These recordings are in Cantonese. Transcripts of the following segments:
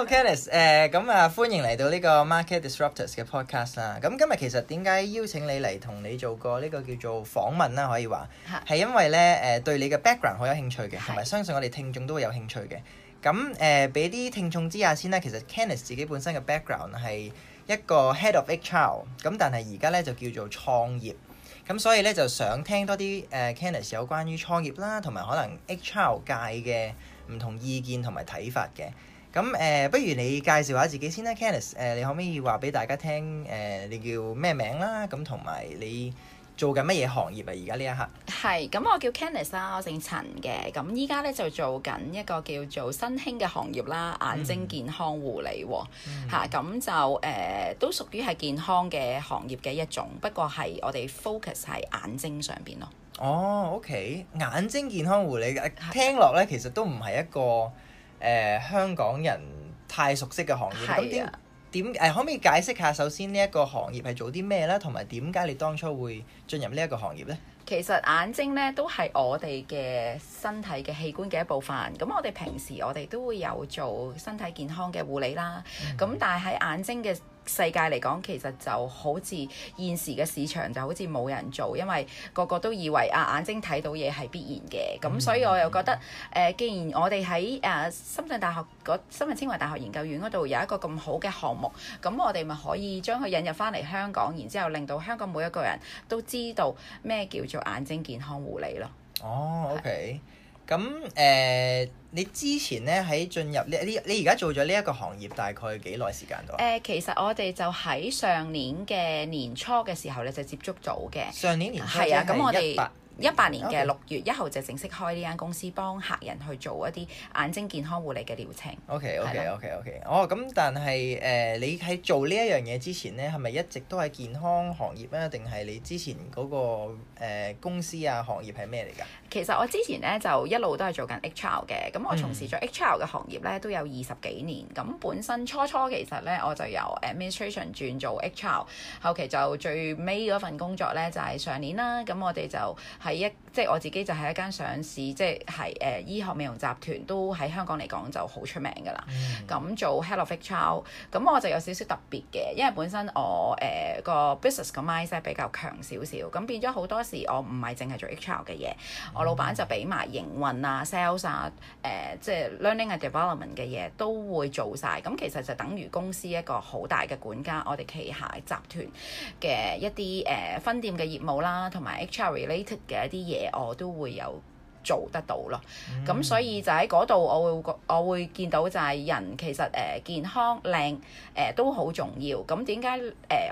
Hello, Kenneth。咁啊，歡迎嚟到呢個 Market Disruptors 嘅 podcast 啦。咁今日其實點解邀請你嚟同你做過呢個叫做訪問啦、啊？可以話係是因為咧誒、呃，對你嘅 background 好有興趣嘅，同埋相信我哋聽眾都會有興趣嘅。咁誒是，俾啲、呃、聽眾知下先啦、啊。其實 Kenneth 自己本身嘅 background 係一個 head of HR，咁但係而家咧就叫做創業，咁所以咧就想聽多啲誒、uh, Kenneth 有關於創業啦，同埋可能 HR 界嘅唔同意見同埋睇法嘅。咁誒、呃，不如你介紹下自己先啦 Kennis、呃、你可唔可以話俾大家聽，誒、呃，你叫咩名啦？咁同埋你做緊乜嘢行業啊？而家呢一刻。係，咁我叫 Kennis 啦，我姓陳嘅。咁依家咧就做緊一個叫做新興嘅行業啦，眼睛健康護理喎。嚇、嗯，咁、啊、就誒、呃、都屬於係健康嘅行業嘅一種，不過係我哋 focus 喺眼睛上邊咯。哦，OK，眼睛健康護理，的聽落咧其實都唔係一個。誒、呃、香港人太熟悉嘅行業，咁、啊、點點誒可唔可以解釋下？首先呢一個行業係做啲咩咧？同埋點解你當初會進入呢一個行業咧？其實眼睛咧都係我哋嘅身體嘅器官嘅一部分。咁我哋平時我哋都會有做身體健康嘅護理啦。咁、嗯、哼但係喺眼睛嘅世界嚟講，其實就好似現時嘅市場就好似冇人做，因為個個都以為啊眼睛睇到嘢係必然嘅，咁所以我又覺得誒、呃，既然我哋喺誒深圳大學深圳清華大學研究院嗰度有一個咁好嘅項目，咁我哋咪可以將佢引入翻嚟香港，然之後令到香港每一個人都知道咩叫做眼睛健康護理咯。哦、oh，OK。咁誒、呃，你之前咧喺進入呢呢，你而家做咗呢一個行業大概幾耐時間度啊、呃？其實我哋就喺上年嘅年初嘅時候咧就接觸到嘅。上年年初係啊，咁我哋。一八年嘅六月一號就正式開呢間公司，幫客人去做一啲眼睛健康護理嘅療程。O K O K O K O K 哦，咁、okay, okay. oh, 但係誒、呃，你喺做呢一樣嘢之前呢，係咪一直都喺健康行業啊？定係你之前嗰、那個、呃、公司啊行業係咩嚟㗎？其實我之前呢，就一路都係做緊 H R 嘅，咁我從事咗 H R 嘅行業呢，都有二十幾年。咁、嗯、本身初初其實呢，我就由 administration 轉做 H R，後期就最尾嗰份工作呢，就係、是、上年啦。咁我哋就喺一即係我自己就係一間上市，即係誒、呃、醫學美容集團都喺香港嚟講就好出名噶啦。咁、mm hmm. 做 Head of HR 咁我就有少少特別嘅，因為本身我誒、呃、個 business 嘅 mindset 比較強少少，咁變咗好多時我唔係淨係做 HR 嘅嘢，mm hmm. 我老闆就俾埋營運啊、sales 啊、誒即係 learning and development 嘅嘢都會做晒。咁其實就等於公司一個好大嘅管家，我哋旗下集團嘅一啲誒、呃、分店嘅業務啦，同埋 HR related。嘅一啲嘢，我都會有做得到咯。咁所以就喺嗰度，我會我會見到就係人其實誒健康靚誒、呃、都好重要。咁點解誒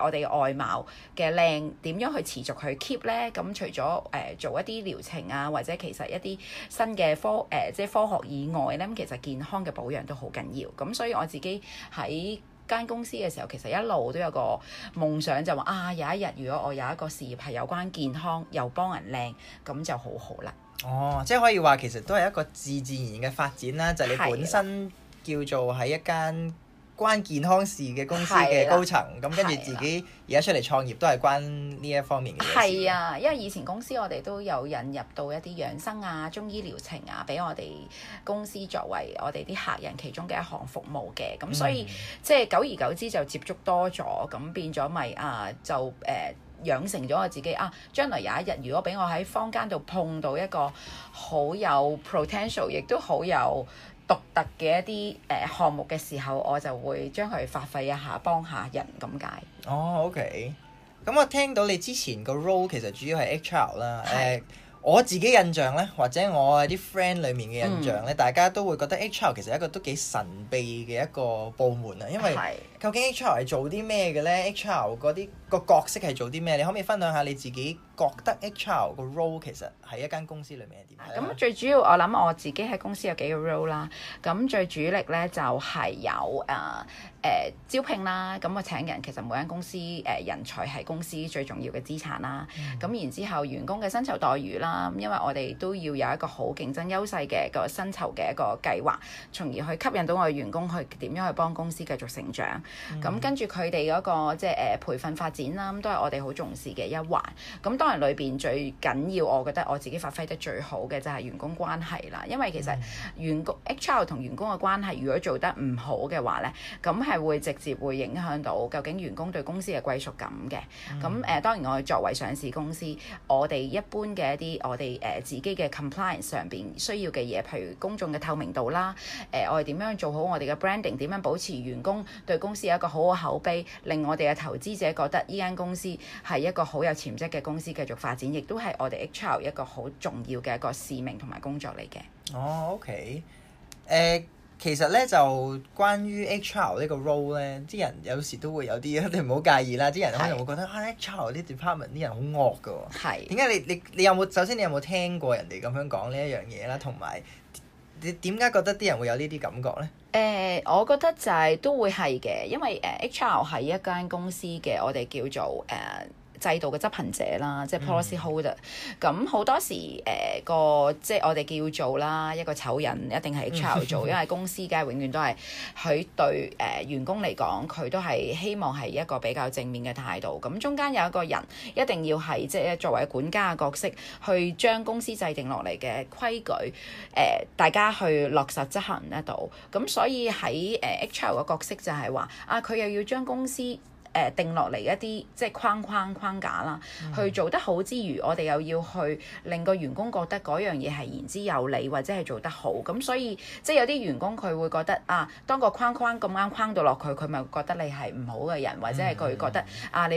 我哋外貌嘅靚點樣去持續去 keep 咧？咁除咗誒、呃、做一啲療程啊，或者其實一啲新嘅科誒、呃、即係科學以外咧，咁其實健康嘅保養都好緊要。咁所以我自己喺。間公司嘅時候，其實一路都有個夢想，就話啊，有一日如果我有一個事業係有關健康，又幫人靚，咁就好好啦。哦，即係可以話其實都係一個自自然然嘅發展啦，就係、係、你本身叫做喺一間關健康事嘅公司嘅高層，咁跟住自己而家出嚟創業都係關呢一方面嘅事。係啊，因為以前公司我哋都有引入到一啲養生啊、中醫療程啊，俾我哋公司作為我哋啲客人其中嘅一項服務嘅。咁所以的即係久而久之就接觸多咗，咁變咗咪、就係、啊，就誒養、啊、成咗我自己啊。將來有一日如果俾我喺坊間度碰到一個好有 potential，亦都好有。獨特嘅一啲誒、呃、項目嘅時候，我就會將佢發揮一下，幫下人咁解。哦、oh，OK。咁我聽到你之前個 role 其實主要係 HR 啦。係是、呃。我自己印象呢，或者我啲 friend 裡面嘅印象呢，嗯、大家都會覺得 HR 其實一個都幾神秘嘅一個部門啊，因為。究竟 HR 係做啲咩嘅咧？HR 嗰啲、個角色係做啲咩？你可唔可以分享下你自己覺得 HR 個 role 其實喺一間公司裏面係點？咁最主要我諗我自己喺公司有幾個 role 啦。咁最主力咧就係、係、有誒誒、呃呃、招聘啦。咁我請人其實每間公司誒、呃、人才係公司最重要嘅資產啦。咁、嗯、然之後員工嘅薪酬待遇啦，因為我哋都要有一個好競爭優勢嘅個薪酬嘅一個計劃，從而去吸引到我嘅員工去點樣去幫公司繼續成長。咁跟住佢哋嗰個即係誒培訓發展啦，咁都係我哋好重視嘅一環。咁當然裏邊最緊要，我覺得我自己發揮得最好嘅就係員工關係啦。因為其實員工 HR 同員工嘅關係，如果做得唔好嘅話咧，咁係會直接會影響到究竟員工對公司嘅歸屬感嘅。咁誒，當然我哋作為上市公司，我哋一般嘅一啲我哋誒自己嘅 compliance 上邊需要嘅嘢，譬如公眾嘅透明度啦，誒我哋點樣做好我哋嘅 branding，點樣保持員工對公是一個好好口碑，令我哋嘅投資者覺得呢間公司係一個好有潛質嘅公司繼續發展，亦都係我哋 h r 一個好重要嘅一個使命同埋工作嚟嘅。哦、oh,，OK，誒、uh,，其實咧就關於 h r 呢個 role 咧，啲人有時都會有啲，你唔好介意啦。啲人可能會覺得是、啊、h r 啲 department 啲人好惡噶。係是。點解你你你有冇？首先你有冇聽過人哋咁樣講呢一樣嘢啦？同埋。你點解覺得啲人會有呢啲感覺呢？誒、欸，我覺得就係、是、都會係嘅，因為誒、uh,，HR 係一間公司嘅，我哋叫做誒。Uh, 制度嘅執行者啦，即係 policy holder。咁好、mm. 多時誒、呃、個即係我哋叫做啦一個醜人，一定係 HR 做，mm. 因為公司梗係永遠都係佢對誒、呃、員工嚟講，佢都係希望係一個比較正面嘅態度。咁、嗯、中間有一個人一定要係即係作為管家嘅角色，去將公司制定落嚟嘅規矩誒、呃，大家去落實執行得到。咁、嗯、所以喺誒 HR 嘅角色就係話啊，佢又要將公司。誒定落嚟一啲即係框框框架啦，去做得好之餘，mm hmm. 我哋又要去令個員工覺得嗰樣嘢係言之有理，或者係做得好。咁所以即係有啲員工佢會覺得啊，當個框框咁啱框到落去，佢咪覺得你係唔好嘅人，或者係佢覺得、mm hmm. 啊你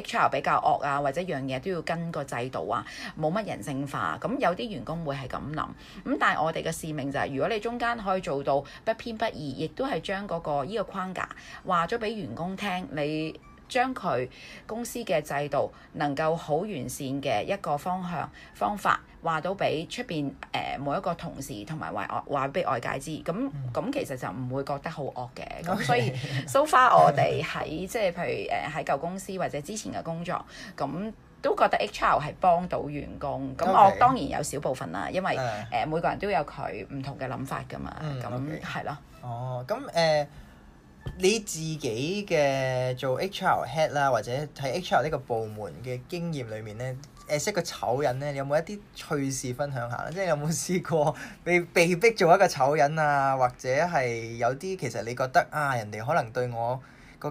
HR 比較惡啊，或者樣嘢都要跟個制度啊，冇乜人性化。咁有啲員工會係咁諗，咁但係我哋嘅使命就係、是、如果你中間可以做到不偏不倚，亦都係將嗰個依、呢個框架話咗俾員工聽你。將佢公司嘅制度能夠好完善嘅一個方向方法話到俾出面誒每一個同事，同埋話話俾外界知，咁、嗯、咁、嗯、其實就唔會覺得好惡嘅。咁、okay, 所以 so far 我哋喺即係譬如誒喺舊公司或者之前嘅工作，咁都覺得 HR 係幫到員工。咁我、okay, 當然有少部分啦，因為誒、uh, 每個人都有佢唔同嘅諗法㗎嘛。咁係囉。哦，咁誒。你自己嘅做 HR head 啦，或者喺 HR 呢個部門嘅經驗裏面呢，誒識個醜人呢，有冇一啲趣事分享下？即係有冇試過被被逼做一個醜人啊？或者係有啲其實你覺得啊，人哋可能對我？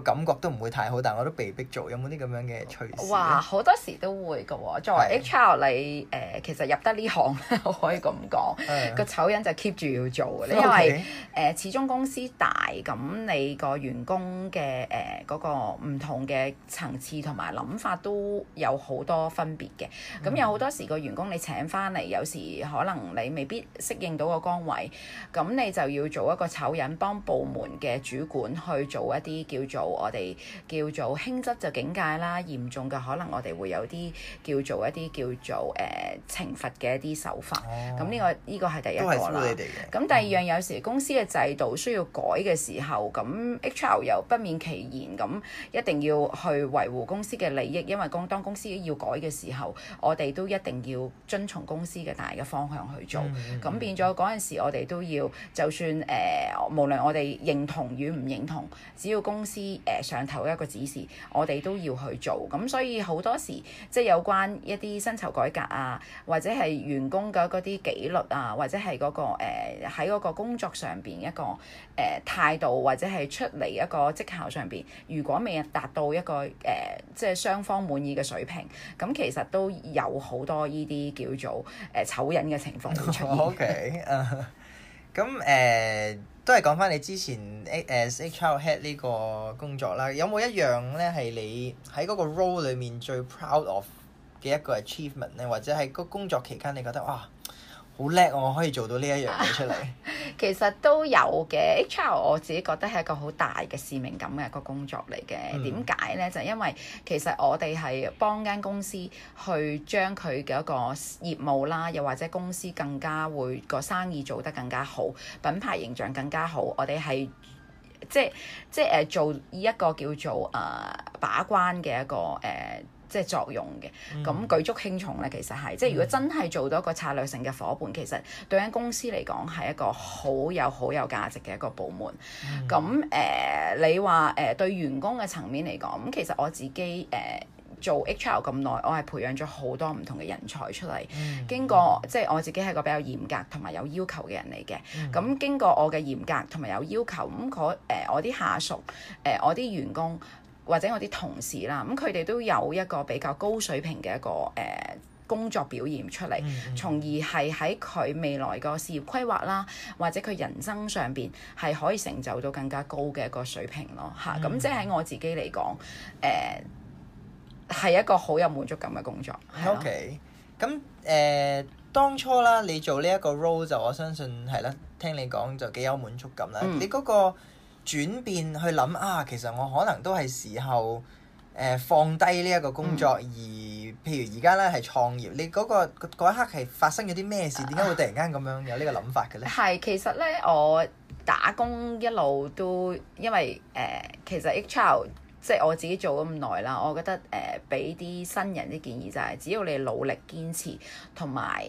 個感覺都唔會太好，但我都被逼做。有冇啲咁樣嘅趣事？哇！好多時都會㗎喎，作為 HR 你誒、呃、其實入得呢行，我可以咁講，個的、嗯、醜人就 keep 住要做嘅。因為誒 Okay.、呃、始終公司大，咁你個員工嘅誒嗰個唔同嘅層次同埋諗法都有好多分別嘅。咁有好多時個員工你請翻嚟，嗯、有時可能你未必適應到個崗位，咁你就要做一個醜人，幫部門嘅主管去做一啲叫做～我哋叫做輕則就警戒啦，嚴重嘅可能我哋會有啲叫做一啲叫做誒懲罰嘅一啲手法。咁呢、哦這個呢、這個係第一個啦。咁第二樣、嗯、有時公司嘅制度需要改嘅時候，咁 HR 又不免其言，咁一定要去維護公司嘅利益。因為公當公司要改嘅時候，我哋都一定要遵從公司嘅大嘅方向去做。咁、嗯嗯、變咗嗰陣時我哋都要就算誒、呃、無論我哋認同與唔認同，只要公司。誒上頭一個指示，我哋都要去做，咁所以好多時即係有關一啲薪酬改革啊，或者係員工嘅嗰啲紀律啊，或者係嗰、那個喺嗰、呃、個工作上邊一個誒、呃、態度，或者係出嚟一個績效上邊，如果未達到一個誒、呃、即係雙方滿意嘅水平，咁其實都有好多呢啲叫做誒醜人嘅情況出現。O K，咁誒。Oh, okay. uh, that, uh 都係講翻你之前 ASHL Head 呢個工作啦，有冇一樣呢？係你喺嗰個 role 裏面最 proud of 嘅一個 achievement 咧？或者係個工作期間你覺得哇好叻哦，我可以做到呢一樣嘢出嚟。 其實都有嘅，HR 我自己覺得係一個好大嘅使命感嘅一個工作嚟嘅。點解呢？就因為其實我哋係幫間公司去將佢嘅一個業務啦，又或者公司更加會個生意做得更加好，品牌形象更加好。我哋係即係即係做一個叫做誒、呃、把關嘅一個誒。呃即係作用嘅，咁舉足輕重咧。其實係即係如果真係做到一個策略性嘅伙伴，其實對間公司嚟講係一個好有好有價值嘅一個部門。咁誒、嗯呃，你話誒、呃、對員工嘅層面嚟講，咁其實我自己誒、呃、做 HR 咁耐，我係培養咗好多唔同嘅人才出嚟。經過、嗯、即係我自己係個比較嚴格同埋有要求嘅人嚟嘅。咁、嗯、經過我嘅嚴格同埋有要求，咁、那個呃、我我啲下屬誒、呃、我啲員工。或者我啲同事啦，咁佢哋都有一個比較高水平嘅一個誒工作表現出嚟，從、嗯嗯、而係喺佢未來個事業規劃啦，或者佢人生上邊係可以成就到更加高嘅一個水平咯吓，咁、嗯、即係喺我自己嚟講誒，係、呃、一個好有滿足感嘅工作。OK，咁誒當初啦，你做呢一個 role 就我相信係啦，聽你講就幾有滿足感啦。嗯、你嗰、嗰個。轉變去諗啊，其實我可能都係時候誒、呃、放低呢一個工作，嗯、而譬如而家咧係創業，你嗰、嗰個嗰一刻係發生咗啲咩事？點解會突然間咁樣有個呢個諗法嘅咧？係其實咧，我打工一路都因為誒、呃，其實 HRO 即係我自己做咁耐啦，我覺得誒俾啲新人啲建議就係，只要你努力堅持同埋，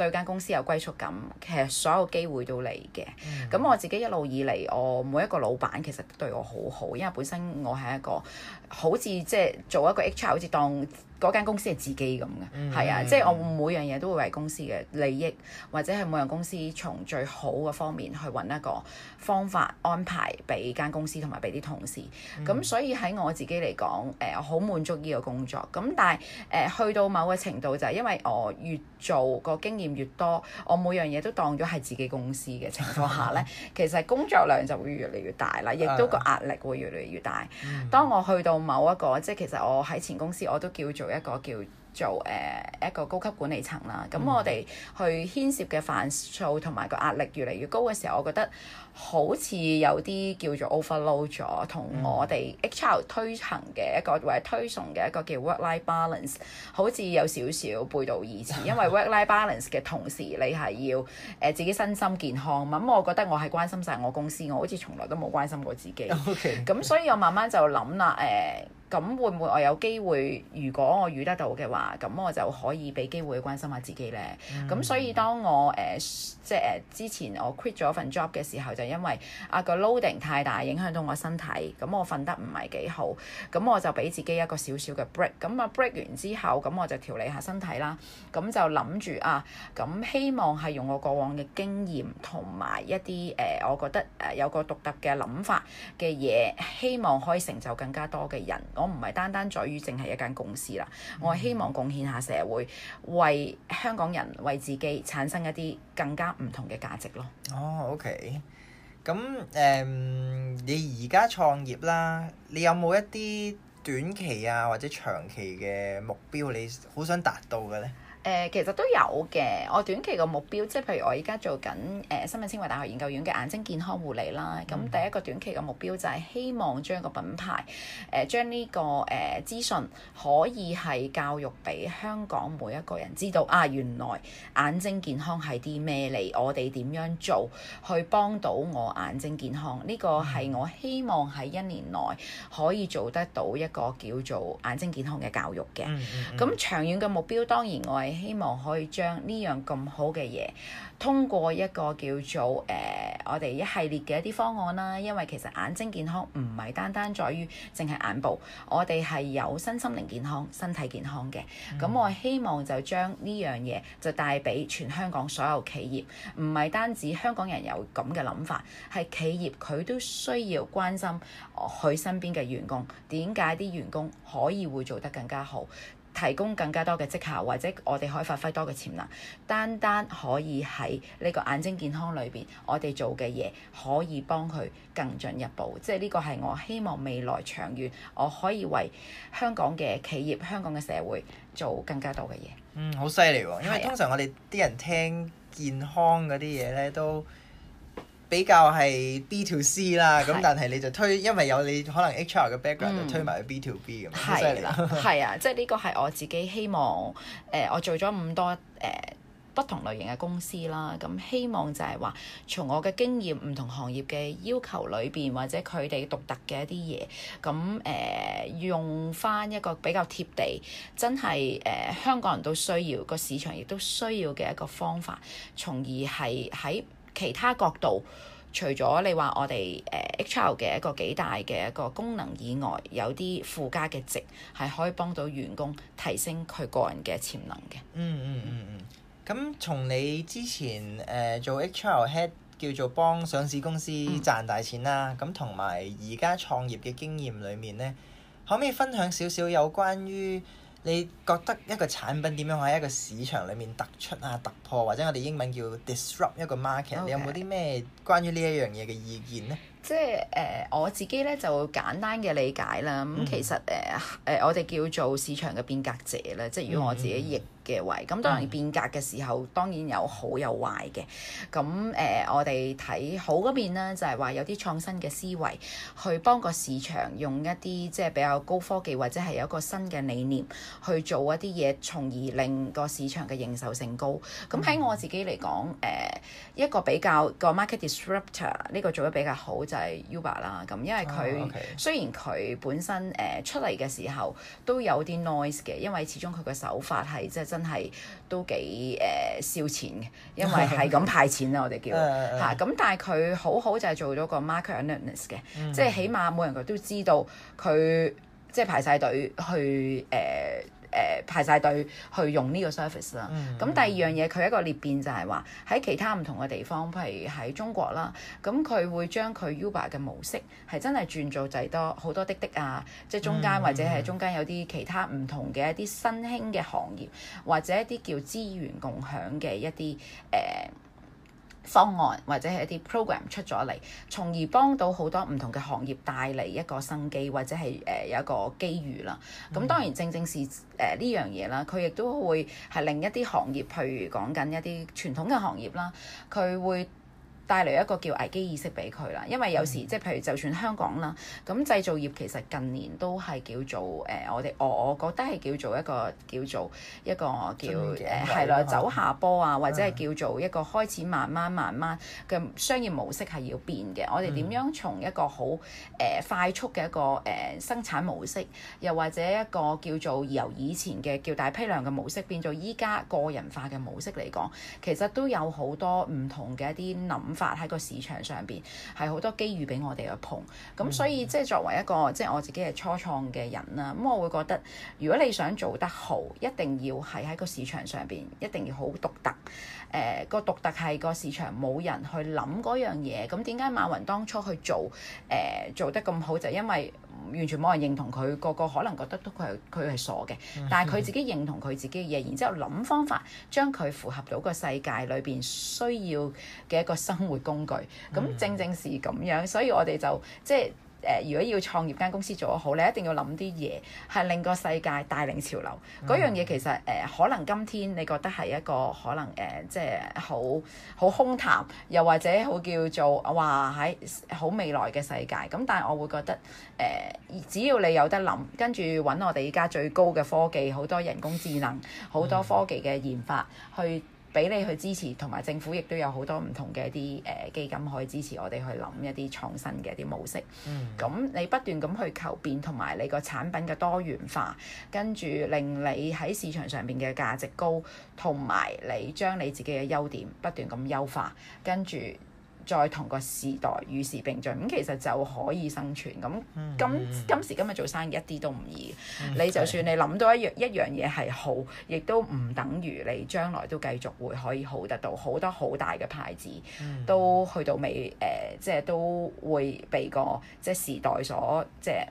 對間公司有歸屬感，其實所有機會都嚟嘅。咁、mm hmm. 我自己一路以嚟，我每一個老闆其實對我好好，因為本身我係一個好似即係做一個 HR，好似當。嗰間公司係自己咁嘅，係、mm hmm. 啊，即係我每樣嘢都會為公司嘅利益，或者係每樣公司從最好嘅方面去揾一個方法安排俾間公司同埋俾啲同事。咁、mm hmm. 所以喺我自己嚟講，我、呃、好滿足呢個工作。咁但係誒、呃、去到某個程度就係、係、因為我越做、個經驗越多，我每樣嘢都當咗係自己公司嘅情況下呢 其實工作量就會越嚟越大啦，亦都個壓力會越嚟越大。Mm hmm. 當我去到某一個，即係其實我喺前公司我都叫做。一個叫做誒、呃、一個高級管理層啦，咁、嗯、我哋去牽涉嘅範疇同埋個壓力越嚟越高嘅時候，我覺得好似有啲叫做 overload 咗，同我哋 HR 推行嘅一個或者推送嘅一個叫 work-life balance，好似有少少背道而馳，因為 work-life balance 嘅同時，你係要誒、呃、自己身心健康嘛。咁、嗯、我覺得我係關心晒我公司，我好似從來都冇關心過自己。OK，咁所以我慢慢就諗啦，誒、呃。咁會唔會我有機會？如果我遇得到嘅話，咁我就可以俾機會關心下自己呢。咁、嗯、所以當我誒、嗯、即係之前我 quit 咗份 job 嘅時候，就因為啊、嗰個 loading 太大，影響到我身體，咁我瞓得唔係幾好，咁我就俾自己一個小小嘅 break、啊。咁啊 break 完之後，咁我就調理下身體啦。咁就諗住啊，咁希望係用我過往嘅經驗同埋一啲誒、啊，我覺得誒有個獨特嘅諗法嘅嘢，希望可以成就更加多嘅人。我唔係單單在於淨係一間公司啦，我係希望貢獻下社會，為香港人，為自己產生一啲更加唔同嘅價值咯。哦、oh，OK，咁誒，um, 你而家創業啦，你有冇一啲短期啊或者長期嘅目標，你好想達到嘅呢？誒其實都有嘅，我短期個目標，即係譬如我而家做緊誒深圳清華大學研究院嘅眼睛健康護理啦。咁、嗯、第一個短期嘅目標就係希望將個品牌，誒、呃、將呢、這個誒、呃、資訊可以係教育俾香港每一個人知道，啊原來眼睛健康係啲咩嚟，我哋點樣做去幫到我眼睛健康。呢、這個係我希望喺一年內可以做得到一個叫做眼睛健康嘅教育嘅。咁、嗯嗯嗯嗯、長遠嘅目標當然我係，希望可以將呢樣咁好嘅嘢，通過一個叫做誒、呃、我哋一系列嘅一啲方案啦。因為其實眼睛健康唔係單單在於淨係眼部，我哋係有身心靈健康、身體健康嘅。咁我希望就將呢樣嘢就帶俾全香港所有企業，唔係單止香港人有咁嘅諗法，係企業佢都需要關心佢身邊嘅員工。點解啲員工可以會做得更加好？提供更加多嘅績效，或者我哋可以發揮多嘅潛能。單單可以喺呢個眼睛健康裏邊，我哋做嘅嘢可以幫佢更進一步。即係呢個係我希望未來長遠，我可以為香港嘅企業，香港嘅社會做更加多嘅嘢。嗯，好犀利，因為通常我哋啲人聽健康嗰啲嘢咧都。比較係 B to C 啦，咁的但係你就推，因為有你可能 HR 嘅 background 就推埋去 B to B 咁，好啦。係啊，即係呢個係我自己希望誒、呃，我做咗咁多誒、呃、不同類型嘅公司啦，咁、嗯、希望就係話從我嘅經驗、唔同行業嘅要求裏邊，或者佢哋獨特嘅一啲嘢，咁、嗯、誒、呃、用翻一個比較貼地、真係誒、呃、香港人都需要、個市場亦都需要嘅一個方法，從而係喺。其他角度，除咗你話我哋誒 HR 嘅一個幾大嘅一個功能以外，有啲附加嘅值係可以幫到員工提升佢個人嘅潛能嘅，嗯。嗯嗯嗯嗯。咁從你之前誒、呃、做 HR Head 叫做幫上市公司賺大錢啦，咁同埋而家創業嘅經驗裏面咧，可唔可以分享少少有關於。你覺得一個產品點樣喺一個市場裡面突出，啊突破，或者我哋英文叫 disrupt 一個 market，Okay. 你有冇啲咩關於呢一樣嘢嘅意見呢？即係誒、呃，我自己咧就簡單嘅理解啦。咁其實誒誒、嗯呃，我哋叫做市場嘅變革者啦。即係如果我自己亦。嗯嘅位，咁、嗯、當然變革嘅時候當然有好有壞嘅。咁誒、呃、我哋睇好嗰邊咧，就係、是、話有啲創新嘅思維去幫個市場用一啲即係比較高科技或者係有一個新嘅理念，去做一啲嘢，從而令個市場嘅認受性高。咁喺我自己嚟講，誒一個比較個 market disruptor 呢個做得比較好就係 Uber 啦。咁因為佢、oh, okay. 雖然佢本身誒、呃、出嚟，嘅時候都有啲 noise 嘅，因為始終佢嘅手法係即係真。真係都幾誒燒錢嘅，因為係咁派錢啦，啊、我哋叫嚇。咁、啊啊、但係佢好好就係做咗個 market awareness 嘅，嗯、即係起碼每個人都知道佢即係排晒隊去誒。呃誒排晒隊去用呢個 service 啦，咁、嗯、第二樣嘢佢一個裂變就係話喺其他唔同嘅地方，譬如喺中國啦，咁佢會將佢 Uber 嘅模式係真係轉做滯多好多滴滴啊，即係中間、嗯、或者係中間有啲其他唔同嘅一啲新興嘅行業，或者一啲叫資源共享嘅一啲誒。呃方案或者係一啲 program 出咗嚟，從而幫到好多唔同嘅行業帶嚟一個生機或者係誒有一個機遇啦。咁當然正正是誒呢樣嘢啦，佢、呃、亦都會係另一啲行業，譬如講緊一啲傳統嘅行業啦，佢會。帶嚟一個叫危機意識俾佢啦，因為有時即係、嗯、譬如就算香港啦，咁製造業其實近年都係叫做誒我哋我我覺得係叫做一個叫做一個叫誒係啦走下坡啊，或者係叫做一個開始慢慢慢慢嘅商業模式係要變嘅。嗯、我哋點樣從一個好誒、呃、快速嘅一個誒、呃、生產模式，又或者一個叫做由以前嘅叫大批量嘅模式變做依家個人化嘅模式嚟講，其實都有好多唔同嘅一啲諗法。發喺個市場上邊係好多機遇畀我哋去碰，咁所以即係作為一個即係我自己係初創嘅人啦，咁我會覺得如果你想做得好，一定要係喺個市場上邊一定要好獨特，誒、呃、個獨特係個市場冇人去諗嗰樣嘢，咁點解馬雲當初去做誒、呃、做得咁好就因為？完全冇人認同佢，個個可能覺得都佢係佢係傻嘅，但係佢自己認同佢自己嘅嘢，然之後諗方法將佢符合到個世界裏邊需要嘅一個生活工具。咁正正係咁樣，所以我哋就即係。誒，如果要創業間公司做得好，你一定要諗啲嘢係令個世界帶領潮流。嗰樣嘢其實誒、呃，可能今天你覺得係一個可能誒、呃，即係好好空談，又或者好叫做話喺好未來嘅世界。咁但係我會覺得誒、呃，只要你有得諗，跟住揾我哋而家最高嘅科技，好多人工智能，好多科技嘅研發、嗯、去。俾你去支持，同埋政府亦都有好多唔同嘅一啲誒基金可以支持我哋去諗一啲創新嘅一啲模式。咁、嗯、你不斷咁去求變，同埋你個產品嘅多元化，跟住令你喺市場上邊嘅價值高，同埋你將你自己嘅優點不斷咁優化，跟住。再同個時代與時並進，咁其實就可以生存。咁、嗯、今今時今日做生意一啲都唔易。嗯、你就算你諗到一樣一樣嘢係好，亦都唔等於你將來都繼續會可以好得到好多好大嘅牌子，嗯、都去到尾誒、呃，即係都會被個即係時代所即係。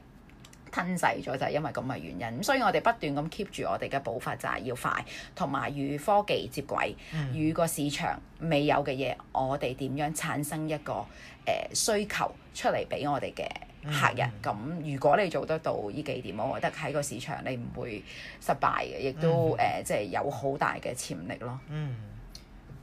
吞噬咗就係、是、因為咁嘅原因，所以我哋不斷咁 keep 住我哋嘅步伐就係、是、要快，同埋與科技接軌，嗯、與個市場未有嘅嘢，我哋點樣產生一個誒、呃、需求出嚟俾我哋嘅客人？咁、嗯、如果你做得到呢幾點，我覺得喺個市場你唔會失敗嘅，亦都誒即係有好大嘅潛力咯。嗯，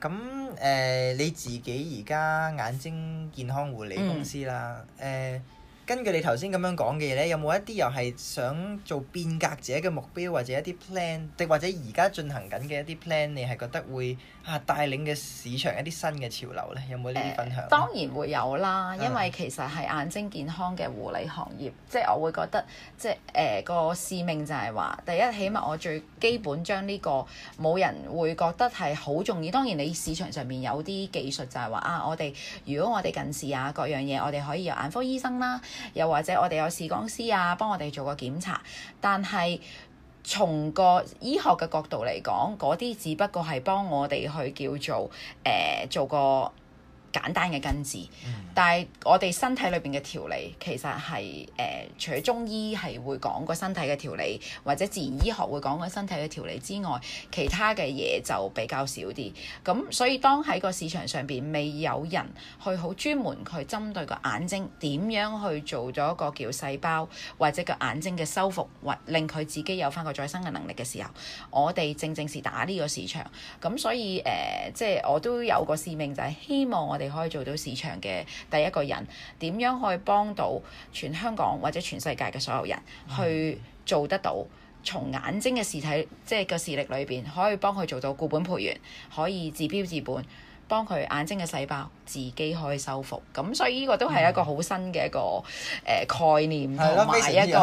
咁誒、呃、你自己而家眼睛健康護理公司啦，誒、嗯。呃呃根據你頭先咁樣講嘅嘢呢，有冇一啲又係想做變革者嘅目標，或者一啲 plan，或者而家進行緊嘅一啲 plan，你係覺得會啊帶領嘅市場一啲新嘅潮流呢？有冇呢啲分享？呃，當然會有啦，因為其實係眼睛健康嘅護理行業，嗯、即係我會覺得即係誒、呃嗰個使命就係話，第一起碼我最基本將呢、呢個冇人會覺得係好重要。當然你市場上面有啲技術就係話啊，我哋如果我哋近視啊各樣嘢，我哋可以有眼科醫生啦。又或者我哋有視光師啊，幫我哋做個檢查，但係從個醫學嘅角度嚟講，嗰啲只不過係幫我哋去叫做誒、呃、做個簡單嘅根治，嗯、但係我哋身體裏邊嘅調理其實係誒、呃，除咗中醫係會講個身體嘅調理，或者自然醫學會講個身體嘅調理之外，其他嘅嘢就比較少啲。咁所以當喺個市場上邊未有人去好專門去針對個眼睛點樣去做咗個叫細胞或者個眼睛嘅修復，或令佢自己有返個再生嘅能力嘅時候，我哋正正是打呢個市場。咁所以誒、呃，即係我都有個使命，就係希望我哋。你可以做到市場嘅第一個人，點樣可以幫到全香港或者全世界嘅所有人去做得到？從眼睛嘅事體，即係個視力裏邊，可以幫佢做到固本培元，可以治標治本。幫佢眼睛嘅細胞自己可以修復，咁所以呢個都係一個好新嘅一個誒、嗯呃、概念同埋一個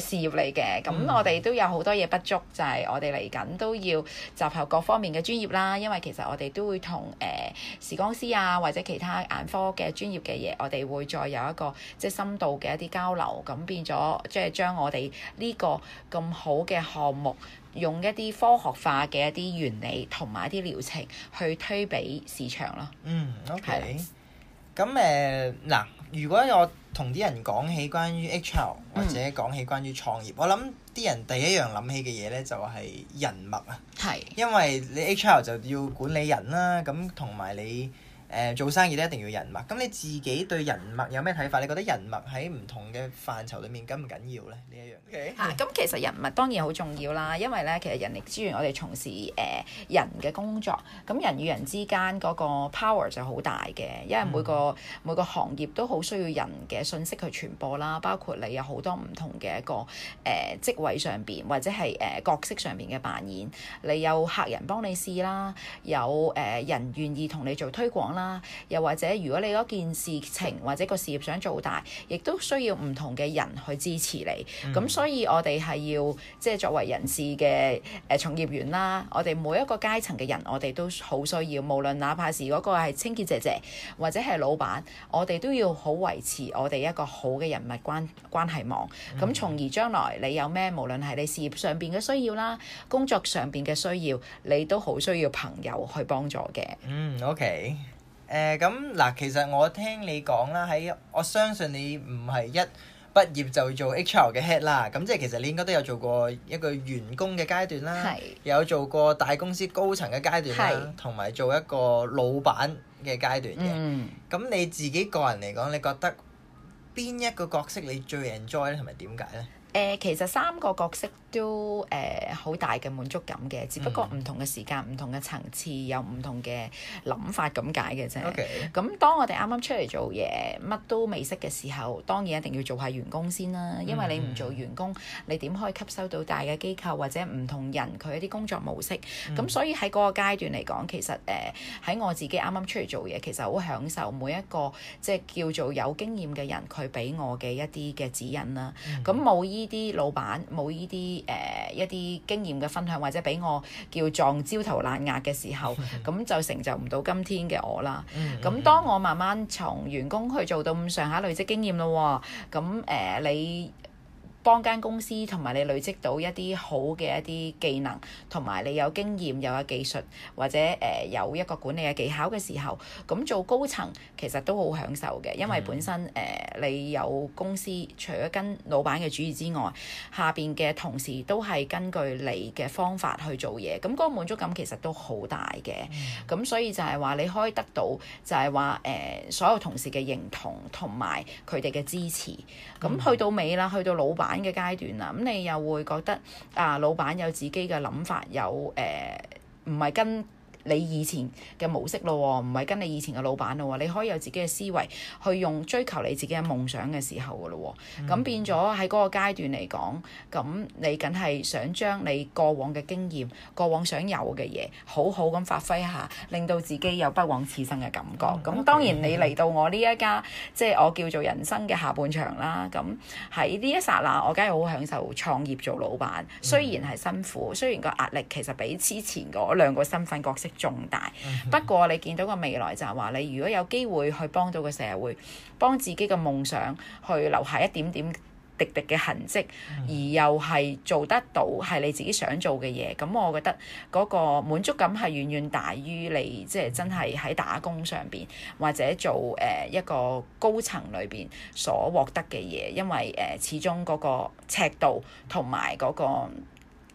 誒事業嚟嘅。咁、嗯、我哋都有好多嘢不足，就係、是、我哋嚟緊都要集合各方面嘅專業啦。因為其實我哋都會同誒視光師啊或者其他眼科嘅專業嘅嘢，我哋會再有一個即係、就是、深度嘅一啲交流。咁變咗即係將我哋呢個咁好嘅項目，用一啲科學化嘅一啲原理同埋一啲療程去推俾市場咯。嗯，OK Yes.。咁誒嗱，如果我同啲人講起關於 HR 或者講起關於創業，mm. 我諗啲人第一樣諗起嘅嘢咧就係人物啊。係。Yes. 因為你 HR 就要管理人啦，咁同埋你。誒做生意咧一定要人脈，咁你自己對人脈有咩睇法？你覺得人脈喺唔同嘅範疇裡面緊唔緊要咧？呢一樣嚇，咁其實人脈當然好重要啦，因為咧其實人力資源我哋從事誒、呃、人嘅工作，咁人與人之間嗰個 power 就好大嘅，因為每個、嗯、每個行業都好需要人嘅信息去傳播啦，包括你有好多唔同嘅一個誒、呃、職位上邊或者係誒、呃、角色上邊嘅扮演，你有客人幫你試啦，有誒、呃、人願意同你做推廣。啦，又或者如果你嗰件事情或者個事業想做大，亦都需要唔同嘅人去支持你。咁、嗯、所以我哋係要即係、就是、作為人事嘅誒從業員啦，我哋每一個階層嘅人，我哋都好需要，無論哪怕是嗰個係清潔姐姐或者係老闆，我哋都要好維持我哋一個好嘅人脈關關係網。咁從、嗯、而將來你有咩無論係你事業上邊嘅需要啦，工作上邊嘅需要，你都好需要朋友去幫助嘅。嗯，OK。誒咁嗱，其實我聽你講啦，喺我相信你唔係一畢業就做 HR 嘅 head 啦，咁即係其實你應該都有做過一個員工嘅階段啦，是有做過大公司高層嘅階段啦，同埋是做一個老闆嘅階段嘅。咁、嗯、你自己個人嚟講，你覺得邊一個角色你最 enjoy 咧，同埋點解呢？誒其實三個角色都誒好大嘅滿足感嘅，只不過唔同嘅時間、唔同嘅層次有唔同嘅諗法咁解嘅啫。咁當我哋啱啱出嚟做嘢，乜都未識嘅時候，當然一定要做下員工先啦。因為你唔做員工，你點可以吸收到大嘅機構或者唔同人佢一啲工作模式？咁所以喺嗰個階段嚟講，其實誒喺我自己啱啱出嚟做嘢，其實好享受每一個即係叫做有經驗嘅人佢俾我嘅一啲嘅指引啦。咁冇依。呢啲老闆冇呢啲誒一啲經驗嘅分享，或者俾我叫撞焦頭爛額嘅時候，咁 就成就唔到今天嘅我啦。咁 當我慢慢從員工去做到咁上下累積經驗咯，咁誒、呃、你。當間公司同埋你累積到一啲好嘅一啲技能，同埋你有經驗又有，有技術，或者誒、呃、有一個管理嘅技巧嘅時候，咁做高層其實都好享受嘅，因為本身誒、呃、你有公司除咗跟老闆嘅主意之外，下邊嘅同事都係根據你嘅方法去做嘢，咁嗰個滿足感其實都好大嘅。咁、嗯、所以就係話你可以得到就係話誒所有同事嘅認同同埋佢哋嘅支持。咁去到尾啦，去到老闆。嘅階段啦，咁你又會覺得啊，老闆有自己嘅諗法，有誒唔係跟，你以前嘅模式咯，唔係跟你以前嘅老闆咯，你可以有自己嘅思維去用追求你自己嘅夢想嘅時候嘅咯。咁、嗯、變咗喺嗰個階段嚟講，咁你梗係想將你過往嘅經驗過往想有嘅嘢，好好咁發揮下，令到自己有不枉此生嘅感覺。咁、嗯、當然你嚟到我呢一家，即係我叫做人生嘅下半場啦。咁喺呢一剎那，我梗係好享受創業做老闆，雖然係辛苦，嗯、雖然個壓力其實比之前嗰兩個身份角色。重大， 不過，你見到個未來就係話，你如果有機會去幫到個社會，幫自己嘅夢想，去留下一點點滴滴嘅痕跡，而又係做得到係你自己想做嘅嘢，咁我覺得嗰個滿足感係遠遠大於你即係、就是、真係喺打工上邊或者做誒、呃、一個高層裏邊所獲得嘅嘢，因為誒、呃、始終嗰個尺度同埋嗰個。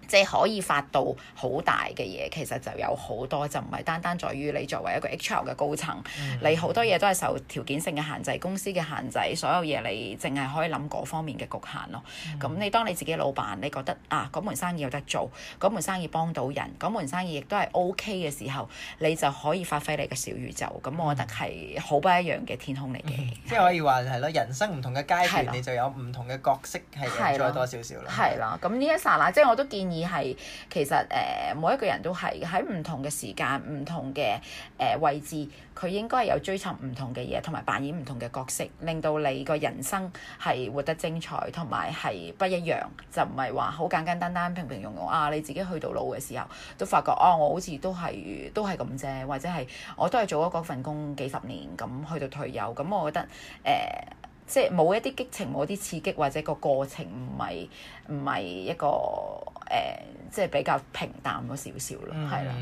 即係可以發到好大嘅嘢，其實就有好多，就唔係單單在於你作為一個 HR 嘅高層，你好多嘢都係受條件性嘅限制，公司嘅限制，所有嘢你淨係可以諗嗰方面嘅局限咯。咁你當你自己老闆，你覺得啊，嗰門生意有得做，嗰門生意幫到人，嗰門生意亦都係 OK 嘅時候，你就可以發揮你嘅小宇宙。咁我覺得係好不一樣嘅天空嚟嘅。即係可以話係咯，人生唔同嘅階段，你就有唔同嘅角色係再多少少啦。係啦，咁呢一剎那，即係我都建議，而係其實誒、呃，每一個人都係喺唔同嘅時間、唔同嘅誒、呃、位置，佢應該係有追尋唔同嘅嘢，同埋扮演唔同嘅角色，令到你個人生係活得精彩，同埋係不一樣，就唔係話好簡簡單單、平平庸庸啊！你自己去到老嘅時候，都發覺哦，我好似都係都係咁啫，或者係我都係做咗嗰份工幾十年咁去到退休，咁我覺得誒。呃即係冇一啲激情，冇啲刺激，或者個過程唔係唔係一個誒、呃，即係比較平淡咗少少咯，係啦。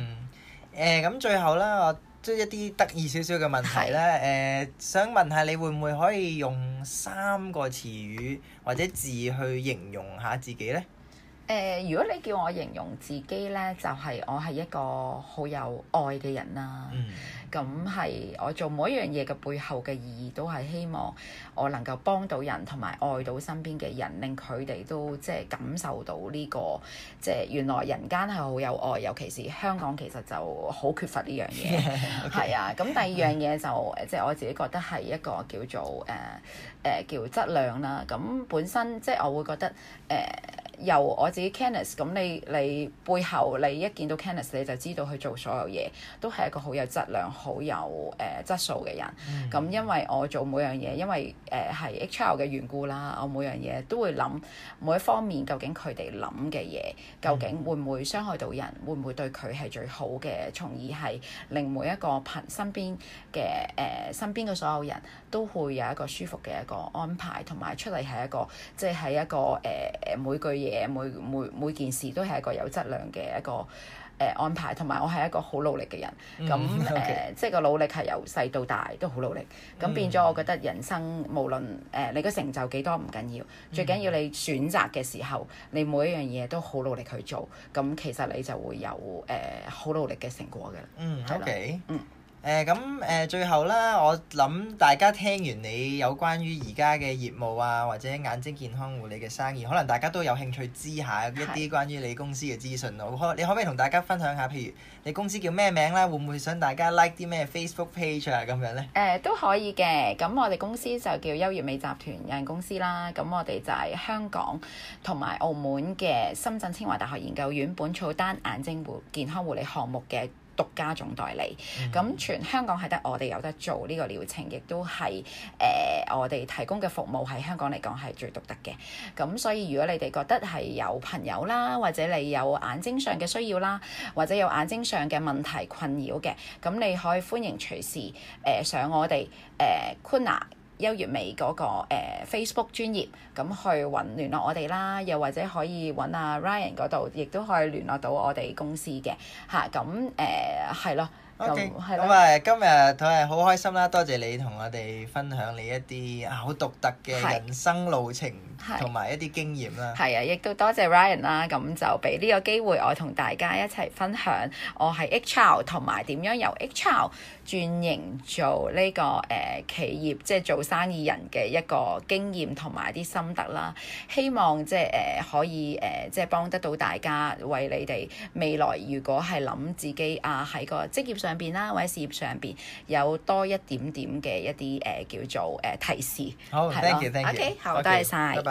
誒咁、嗯呃、最後啦，我即係一啲得意少少嘅問題咧。誒的、呃，想問下你會唔會可以用三個詞語或者字去形容下自己咧？誒、呃，如果你叫我形容自己咧，就係、是、我係一個好有愛嘅人啦。嗯咁係我做每一樣嘢嘅背後嘅意義，都係希望我能夠幫到人，同埋愛到身邊嘅人，令佢哋都即係、就是、感受到呢、這個即係、就是、原來人間係好有愛，尤其是香港其實就好缺乏呢樣嘢，係 Yeah, okay. 啊。咁第二樣嘢就誒，即、就、係、是、我自己覺得係一個叫做誒誒、呃呃、叫質量啦。咁本身即係、就是、我會覺得誒。呃由我自己 Kenneth，咁你你背後，你一見到 Kenneth 你就知道佢做所有嘢都係一個好有質量，好有誒質、呃、素嘅人。咁、mm hmm. 因為我做每樣嘢，因為誒係、呃、HR 嘅緣故啦，我每樣嘢都會諗每一方面究竟佢哋諗嘅嘢究竟會唔會傷害到人，mm hmm. 會唔會對佢係最好嘅，從而係令每一個朋身邊嘅誒身邊嘅所有人都會有一個舒服嘅一個安排，同埋出嚟係一個即係係一個誒誒、呃、每句嘢。每每每件事都係一個有質量嘅一個誒、呃、安排，同埋我係一個好努力嘅人。咁誒、mm, okay. 呃，即係個努力係由細到大都好努力。咁、mm. 呃、變咗，我覺得人生無論誒、呃、你嘅成就幾多唔緊要，最緊要你選擇嘅時候，mm. 你每一樣嘢都好努力去做。咁、呃、其實你就會有誒好、呃、努力嘅成果嘅、mm, okay。嗯，OK，嗯。誒咁誒，最後啦，我諗大家聽完你有關於而家嘅業務啊，或者眼睛健康護理嘅生意，可能大家都有興趣知下一啲關於你公司嘅資訊咯、啊。可是你可唔可以同大家分享下？譬如你公司叫咩名咧？會唔會想大家 like 啲咩 Facebook page 啊？咁樣咧？誒、呃、都可以嘅。咁我哋公司就叫優越美集團有限公司啦。咁我哋就係香港同埋澳門嘅深圳清華大學研究院本草丹眼睛護健康護理項目嘅獨家總代理，咁、mm hmm. 全香港係得我哋有得做呢個療程，亦都係誒、呃、我哋提供嘅服務喺香港嚟講係最獨特嘅。咁所以如果你哋覺得係有朋友啦，或者你有眼睛上嘅需要啦，或者有眼睛上嘅問題困擾嘅，咁你可以歡迎隨時誒、呃、上我哋誒 Kuna。呃優越美嗰、那個、呃、Facebook 專頁咁、嗯、去揾聯絡我哋啦，又或者可以揾阿、啊、Ryan 嗰度，亦都可以聯絡到我哋公司嘅嚇。咁誒係咯，咁係咁啊，今日佢係好開心啦，多謝你同我哋分享你一啲好獨特嘅人生路程。同埋是一啲經驗啦，係啊，亦都多謝 Ryan 啦，咁就俾呢個機會我同大家一齊分享我係 H.R. 同埋點樣由 H.R. 轉型做呢個誒企業即係做生意人嘅一個經驗同埋啲心得啦。希望即係誒可以誒即係幫得到大家，為你哋未來如果係諗自己啊喺個職業上邊啦，或者事業上邊有多一點點嘅一啲誒叫做誒提示。好，thank you，thank you，好，多謝曬。